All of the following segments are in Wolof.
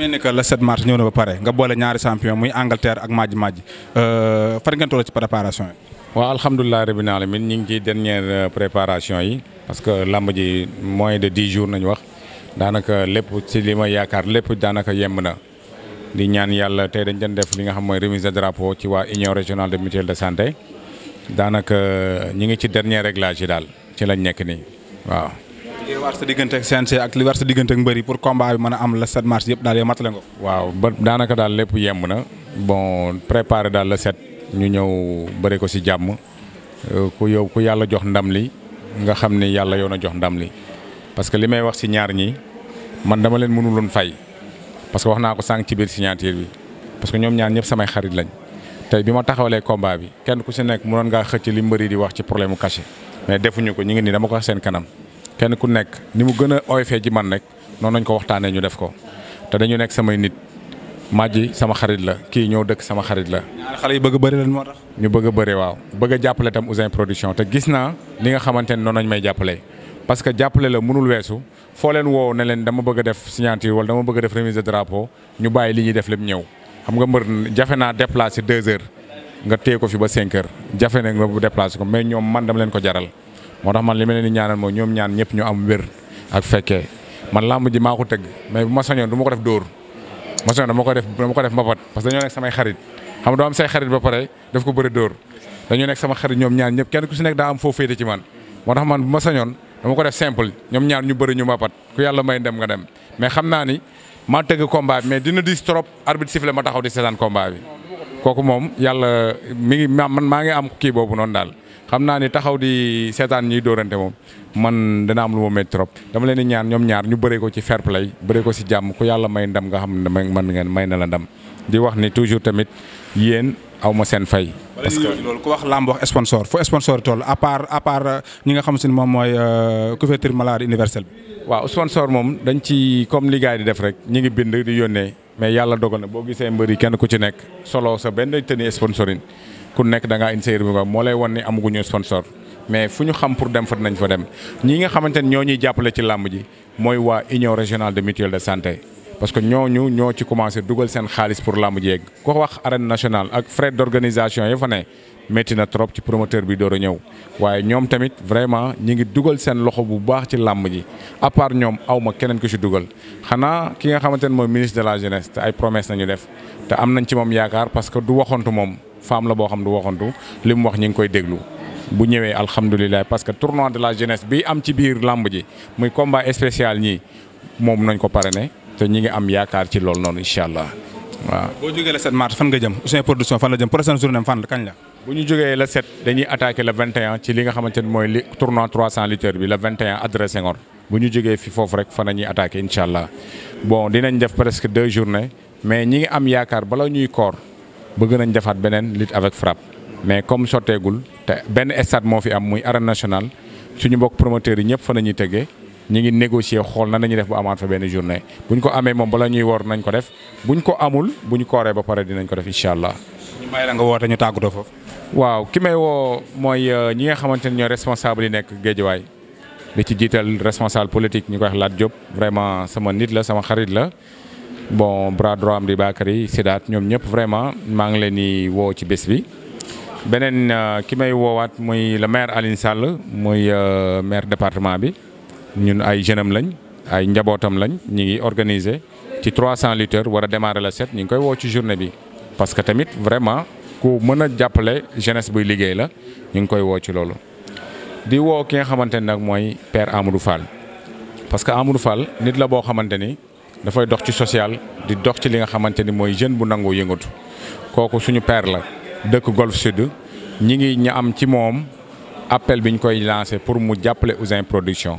mel ni que le 7 mars ñëw na ba pare nga boole ñaari champion muy Angleterre ak Madji Madji euh, fan ngeen toll ci préparation yi. waaw alhamdulilah rabbil alamin ñu ngi ci dernière euh, préparation yi parce que lamba ji moins de dix jours nañu wax daanaka lépp ci li ma yaakaar lépp daanaka yemb na. di ñaan yàlla tey dañ doon def li nga xam mooy remise de drapeau ci waa union régionale de mutuelle de santé daanaka euh, ñu ngi ci dernier réglage yi daal ci lañ nekk nii waaw. li war sa diggante ak CNC ak li war sa diggante ak mbëri pour combat bi mën a am le 7 mars yëpp daal yow matale ko. waaw ba daanaka daal lépp yemb na bon préparé daal la 7 ñu ñëw bëri ko si jàmm euh, ku yow ku yàlla jox ndam li nga xam ni yàlla yoon a jox ndam li parce que li may wax si ñaar ñi man dama leen mënuloon fay parce que wax naa ko sànq ci biir signature bi parce que ñoom ñaar ñëpp samay xarit lañ tey bi ma taxawalee combat bi kenn ku si nekk mënoon ngaa xëcc li mbëri di wax ci problème mu cachet mais defuñu ko ñu ngi nii dama ko wax seen kanam. kenn ku nekk ni mu gën a oyofee ci man rek noonu nañ ko waxtaanee ñu def ko te dañu nekk samay nit Madji sama xarit la kii ñëw dëkk sama xarit la. xale yi bëgg a bëri lan moo tax. ñu bëgg a bëri waaw bëgg jàppale tam Ouzin Production te gis naa li nga xamante ne noonu lañ may jàppale parce que jàppale la mënul weesu foo leen woow ne leen dama bëgg a def signature wala dama bëgg def remise de drapeau ñu bàyyi li ñuy def lépp ñëw xam nga mbër jafe naa déplacé deux heures nga téye ko fi ba cinq jafe na nga déplacé ko mais ñoom man dama leen ko jaral moo tax man li ma leen di ñaanal mooy ñoom ñaan ñëpp ñu am wér ak fekkee man làmb ji maa ko tëgg mais bu ma sañoon du ma ko def dóor ma sañoon dama ko def dama ko def mbapat parce que dañoo samay xarit xam doo am say xarit ko bëri dóor dañoo nekk sama xarit ñoom ñaan ñëpp kenn ku si nekk daa am foo féete ci man moo tax man ma ko def simple ñoom ñaar ñu bëri ñu mbapat ku yàlla may dem nga dem mais xam naa ni maa tëgg combat mais dina diis trop arbitre sifflé ma taxaw di seetaan combat bi kooku moom yàlla mi ngi man maa ngi am kii boobu noon daal xam naa ni taxaw di seetaan ñuy dóorante moom man dana am lu ma métti trop dama leen di ñaan ñoom ñaar ñu bëree ko ci fair play bëree ko si jàmm ku yàlla may ndam nga xam ne man ngeen may na la ndam di wax ni toujours tamit yéen aw ma seen fay. parce que loolu ku wax lamb wax sponsor fo sponsor toll à part à part euh, ñi nga xam si ne moom mooy euh, couverture maladie universelle bi. waaw sponsor moom dañ ci comme li gars di def rek ñu ngi bind di yónnee. mais yàlla dogal na boo gisee mbër yi kenn ku ci nekk solo sa benn tenue sponsoring ku nekk da ngaa indi sa yërëm moo lay wan ni amaguñu sponsor mais fu ñu xam pour dem fa nañ fa dem ñi nga xamante ne ñoo ñuy jàppale ci làmb ji mooy waa union régionale de mutuelle de santé. parce que ñooñu ñoo ci commencé dugal seen xaalis pour làmb ji yegg ko wax arène nationale ak frais d'organisation ya fa ne. métti na trop ci promoteur bi door a ñëw waaye ñoom tamit vraiment ñi ngi dugal seen loxo bu baax ci làmb ji à part ñoom aw ma keneen ku ci dugal xanaa ki nga xamante ne mooy ministre de la jeunesse te ay promesse nañu def te am nañ ci moom yaakaar parce que du waxantu moom femme la boo xam du waxantu li mu wax ñi ngi koy déglu. bu ñëwee alhamdulilah parce que tournoi de la jeunesse bi am ci biir làmb ji muy combat spécial ñi moom nañ ko parrainé te ñi ngi am yaakaar ci loolu noonu incha allah. waaw boo jógee le 7 mars fan nga jëm Ouzin production fan la jëm prochaine journée fan kañ la. bu ñu jógee le 7 dañuy attaqué le 21 ci li nga xamante ni mooy li tournoi 300 litres bi le 21 adresse Senghor bu ñu jógee fi foofu rek fan la ñuy attaqué incha allah bon dinañ def presque deux journées mais ñi ngi am yaakaar bala ñuy koor bëgg nañ defaat beneen lutte avec frappe mais comme sotteegul te benn stade moo fi am muy arène nationale suñu mbokk promoteurs yi ñëpp fan la ñuy tëggee. ñu ngi négocier xool nan la def bu amaat fa benn journée bu ñu ko amee moom bala ñuy woor nañ ko def buñ ko amul bu ñu kooree ba pare dinañ ko def incha allah. ñu bàyyi la nga woote ñu tàggatoo foofu. waaw ki may woo mooy euh, ñi nga xamante ne ñooy responsable yi nekk géejawaay di ci jiital responsable politique ñu koy wax Lat Diop vraiment sama nit la sama xarit la. bon bras am di Bakary Sidaat ñoom ñëpp vraiment maa ngi leen di woo ci bés bi beneen euh, ki may woowaat mooy le maire Alioune Sall muy euh, maire département bi. ñun ay jeunes am lañ ay njabootam lañ ñu ngi organiser ci 300 lutteurs war a démarrer la set ñu ngi koy woo ci journée bi. parce que tamit vraiment ku mën a jàppale jeunesse buy liggéey la ñu ngi koy woo ci loolu di woo ki nga xamante ne nag mooy per Amadou Fall. parce que Amadou nit la boo xamante ni dafay dox ci social di dox ci li nga xamante ni mooy jeune bu nangoo yëngatu kooku suñu père la dëkk Golf Sud ñi ngi ñu am ci moom appel bi ñu koy lancé pour mu jàppale Ouzin Production.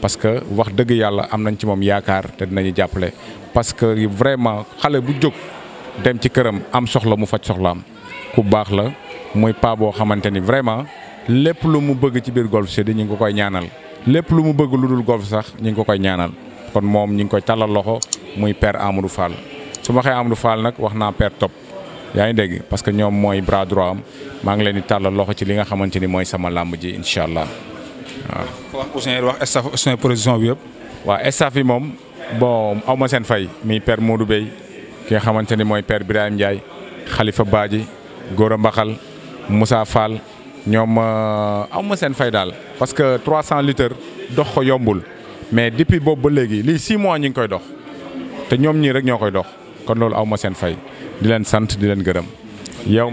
parce que wax dëgg yàlla am nañ ci moom yaakaar te dinañu jàppale parce que vraiment xale bu jóg dem ci këram am soxla mu faj soxlaam ku baax la muy paa boo xamante ni vraiment lépp lu mu bëgg ci biir golf di ñu ngi ko koy ñaanal lépp lu mu bëgg lu dul golf sax ñu ngi ko koy ñaanal kon moom ñu ngi koy tàllal loxo muy père Amadou Fall su ma waxee Amadou Fall nag wax naa père Top yaa ngi dégg parce que ñoom mooy bras droit maa ngi leen di tàllal loxo ci li nga xamante ni mooy sama làmb ji incha allah. waaw wax Ouzin wax staff Ouzin production bi yëpp. waaw staff yi moom boo aw ma seen fay mi père Modou Bey ki nga xamante ni mooy père Birahim Ndiaye Khalifa Badji Gora Mbaxal Moussa Fall ñoom euh, aw ma seen fay daal. parce que 300 litres dox ko yombul mais depuis boobu ba léegi lii 6 mois ñu ngi koy dox te ñoom ñii rek ñoo koy dox kon loolu aw ma seen fay di leen sant di leen gërëm. yow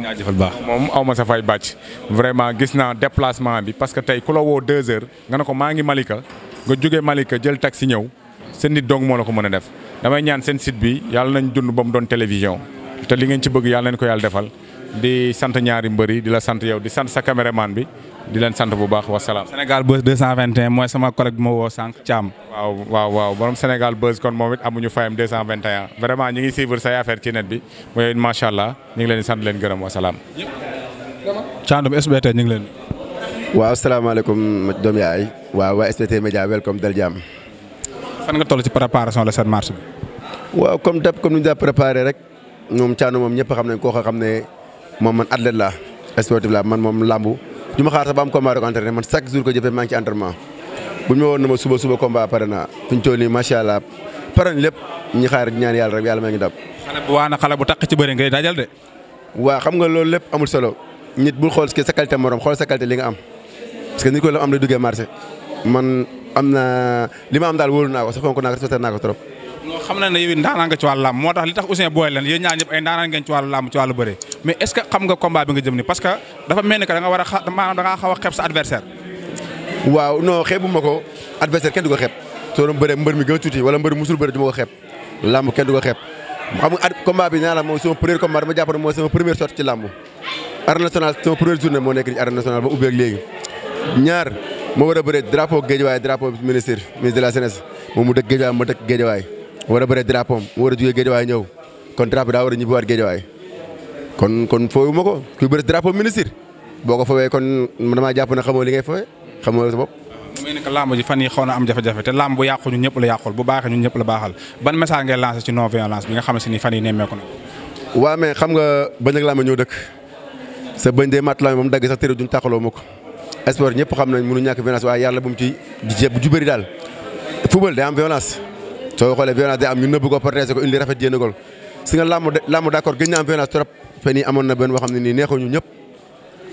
moom aw ma sa fay bàcc vraiment gis naa déplacement bi parce que tey ku la woo deux nga ne ko maa ngi Malika nga jóge Malika jël taxi ñëw seen nit dong moo la ko mën a def damay ñaan seen sit bi yàlla nañ dund ba mu doon télévision te li ngeen ci bëgg yàlla nañ ko yàlla defal di sant ñaar ñaari mbëri di la sant yow di sant sa caméraman bi di leen sant bu baax wasalaam. Sénégal Buzz 221 mooy sama collègue bi ma woo sànq Thiam. waaw waaw waaw borom Sénégal Buzz kon moom it amuñu fayam 221 vraiment ñu ngi suivre say affaire ci net bi mooy macha allah ñu ngi leen di sant leen gërëm wasalaam. Thiandoum SBT ñu ngi leen. waaw salaamaaleykum doom yaay waaw waa SBT Média welcome dal jàmm. fan nga toll ci préparation le 7 mars bi. waaw comme d'hab comme ni ñu daa préparé moom man athlète la sportif la man moom làmbu du ma xaar sax ba am combat rek entraîné man chaque jour ko jëfee maa ngi ci entraînement bu ñu woon na ma suba suba combat pare naa fi ñu toll nii macha allah pare nañ lépp ñu xaar ñaan yàlla rek yàlla may ngi dab. waa na xale bu takk ci bëri ngay dajal de. waaw xam nga loolu lépp amul solo nit bul xool sa qualité morom xool sa qualité li nga am parce que ko la am lay duggee marché man am na li ma am daal wóolu na ko sa fonk naa ko respecté ko trop. non xam na ne yow ndaanaan nga ci wàllu làmb moo tax li tax Ouzin booy leen yéen ñaar ñëpp ay ndaanaan ngeen ci wàllu làmb ci wàllu bëre mais est ce que xam nga combat bi nga jëm ni parce que dafa mel ni que da nga war a maanaam da ngaa xaw a xeeb sa adversaire waaw non xeebu ma ko adversaire kenn du ko xeeb soo doon bëre mbër mi gën a tuuti wala mbër musul bëre du ma ko xeeb làmb kenn du ko xeeb xam nga combat bi naa la mooy sama premier combat dama jàpp ne mooy sama première sortie ci làmb arène nationale sama première journée moo nekk ci arène nationale ba ubbeeg léegi ñaar moo war a bëre drapeau Guédiawaye drapeau ministre ministre de la jeunesse moom mu dëkk Guédiawaye ma dëkk Guédiawaye war a bëre drapeau am war a jugee géejawaay ñëw kon drapeau daa war a ñibbiwaat géejawaay kon kon fooyu ma ko kuy bëre drapeau ministre boo ko foowee kon damaa jàpp ne xamoo li ngay foowee xamoo sa bopp. mu mel ni fan yi xaw na am jafe-jafe te làmb bu yàqu ñun ñëpp la yàqul bu baaxee ñun ñëpp la baaxal ban message ngay lancé ci non violence bi nga xam ni fan yi nemmeeku na. waaw xam nga bañ ak làmb ñëw dëkk sa bañ dee mat làmb moom dagg sax tëri duñ tàqaloo ma ko sport ñëpp xam nañ mënu ñàkk violence waaye yàlla bu mu ci bu ju bëri daal football day am violence soo xoolee violence day am ñu nëbb ko protéger ko indi rafet jénn gol si nga làmb làmb d'accord ne nii ñëpp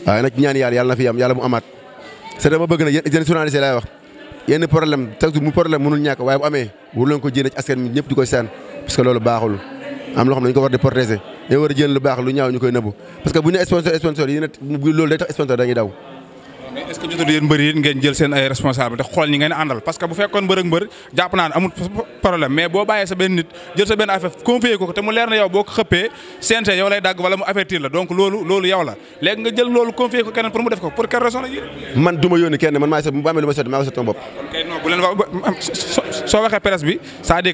waaye nag ñaan yàlla am yàlla mu amaat c'est dama bëgg nag yéen journaliste laay wax ko jénne ci a jël lu baax ñaaw ñu koy nëbb parce que bu ñu sponsor sponsor yi loolu day tax sponsor dañuy daw mais yi ngeen jël seen ay responsabilité xool ñi ngeen àndal parce que bu fekkoon mbër ak mbër jàpp naa ne problème mais boo bàyyee benn nit jël sa benn affaire confier ko te mu leer na yow boo ko xëppee CNG yow lay dàgg wala mu avertir la donc loolu loolu la léegi nga jël loolu confier ko keneen pour mu def ko pour que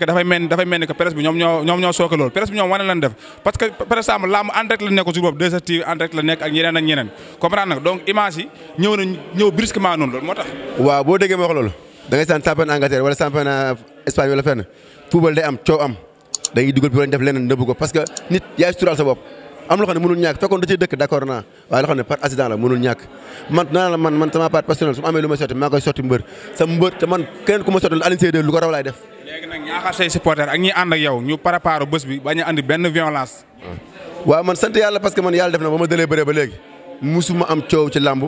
dafay mel dafay mel ni ñeneen ak ñeneen donc image ñëw na nañ ñëw brusquement noonu loolu moo tax. waaw boo déggee ma euh, ko parce que nit yaay la mënul man naa def. a na ba ma dëlee bëree ba léegi musuma am coow ci làmb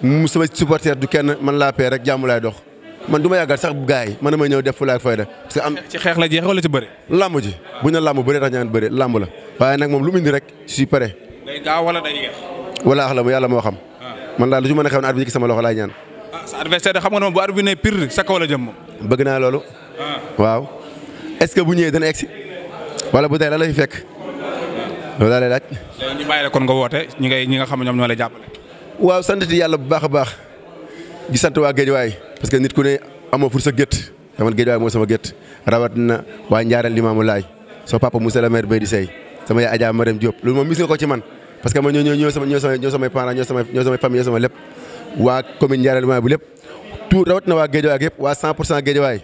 mu sama supporter du kenn man laa pee rek jàmm laay dox man du ma yàggal sax gars yi man damay ñëw def fulaak fayda parce que am ci xeex la jeex wala ci bëri. lamb ji bu ñu la lamb bëree tax ñaan bëri lamb la waaye nag moom lu mu indi rek si pare. day wala day yeex. wala yàlla moo xam. Ah. man daal lu ci mën a xew ne arbitre ci sama loxo laay ñaan. ah sa adversaire xam nga ne moom bu arbitre ne pire sa kaw la jëm moom. bëgg naa loolu. Ah. waaw est-ce que bu ñëwee dana egsi wala bu tey la lay fekk loolu a lay laaj. kon nga woote ñi ngay ñi nga xam ne ñoom ñoo la jàppale waaw sant yàlla bu baax a baax di sant waa gej waay parce que nit ku ne amoo fur sa gétt daman Géejawaay moo sama gétt rawat na waa Ndiarène Limamou Laye sama papa Moussa la maire bay di sey sama yaay Adja Marème Diop loolu moom mis nga ko ci man parce que man ñoo ñoo sama ñoo sama ñoo samay parents ñoo sama ñoo lépp waa commune Ndiarène Limamou bu lépp tout rawat na waa Géejawaay ak yëpp waa 100 pour cent Géejawaay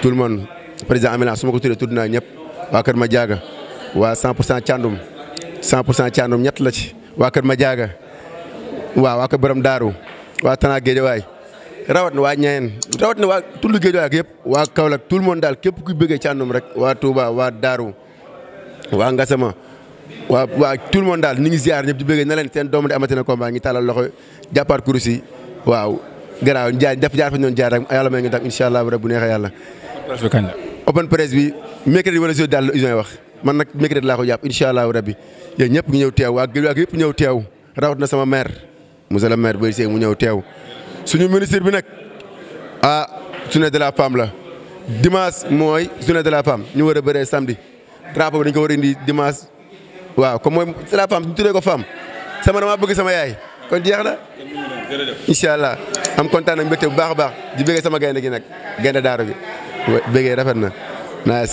tout le monde président Amina su ma ko tuddee tudd naa ñëpp waa Kër Madiaga waa 100 pour cent Thiandoum 100 pour cent Thiandoum ñett la ci waa Kër Madiaga waaw waa ko borom daaru waa Tana Géejawaay rawat na waa ñayen rawat na waa tullu Géejawaay ak yëpp waa Kaolack tout le monde daal képp kuy bëggee ci àndum rek waa Touba waa daaru waa Ngasama waa waa tout le monde daal ñu ngi ziar ñëpp di bëggee na leen seen ko de ngi tàllal loxo jàppaat kurus yi waaw garaaw jaar def jaar ñoon jaar rek yàlla may ngi tax incha allah rek bu neexee yàlla open press bi mercredi wala jeudi daal la usine wax man nag mercredi laa jàpp incha allah rabbi yéen ñëpp ngi ñëw teew waa Géejawaay ak yëpp ñëw teew rawat na sama maire monsieur le maire Boy Sèye mu ñëw teew suñu ministre bi nag ah journée de la femme la dimance mooy journée de la femme ñu war a bëree samedi drapeau bi dañ ko war a indi waaw comme mooy c'est la femme ñu ko femme sama dama bëgg sama yaay ko jeex na. incha allah am kontaan ak mbégte bu baax a baax di bëggee sama gaynde gi nag gaynde daaru gi bëggee rafet na.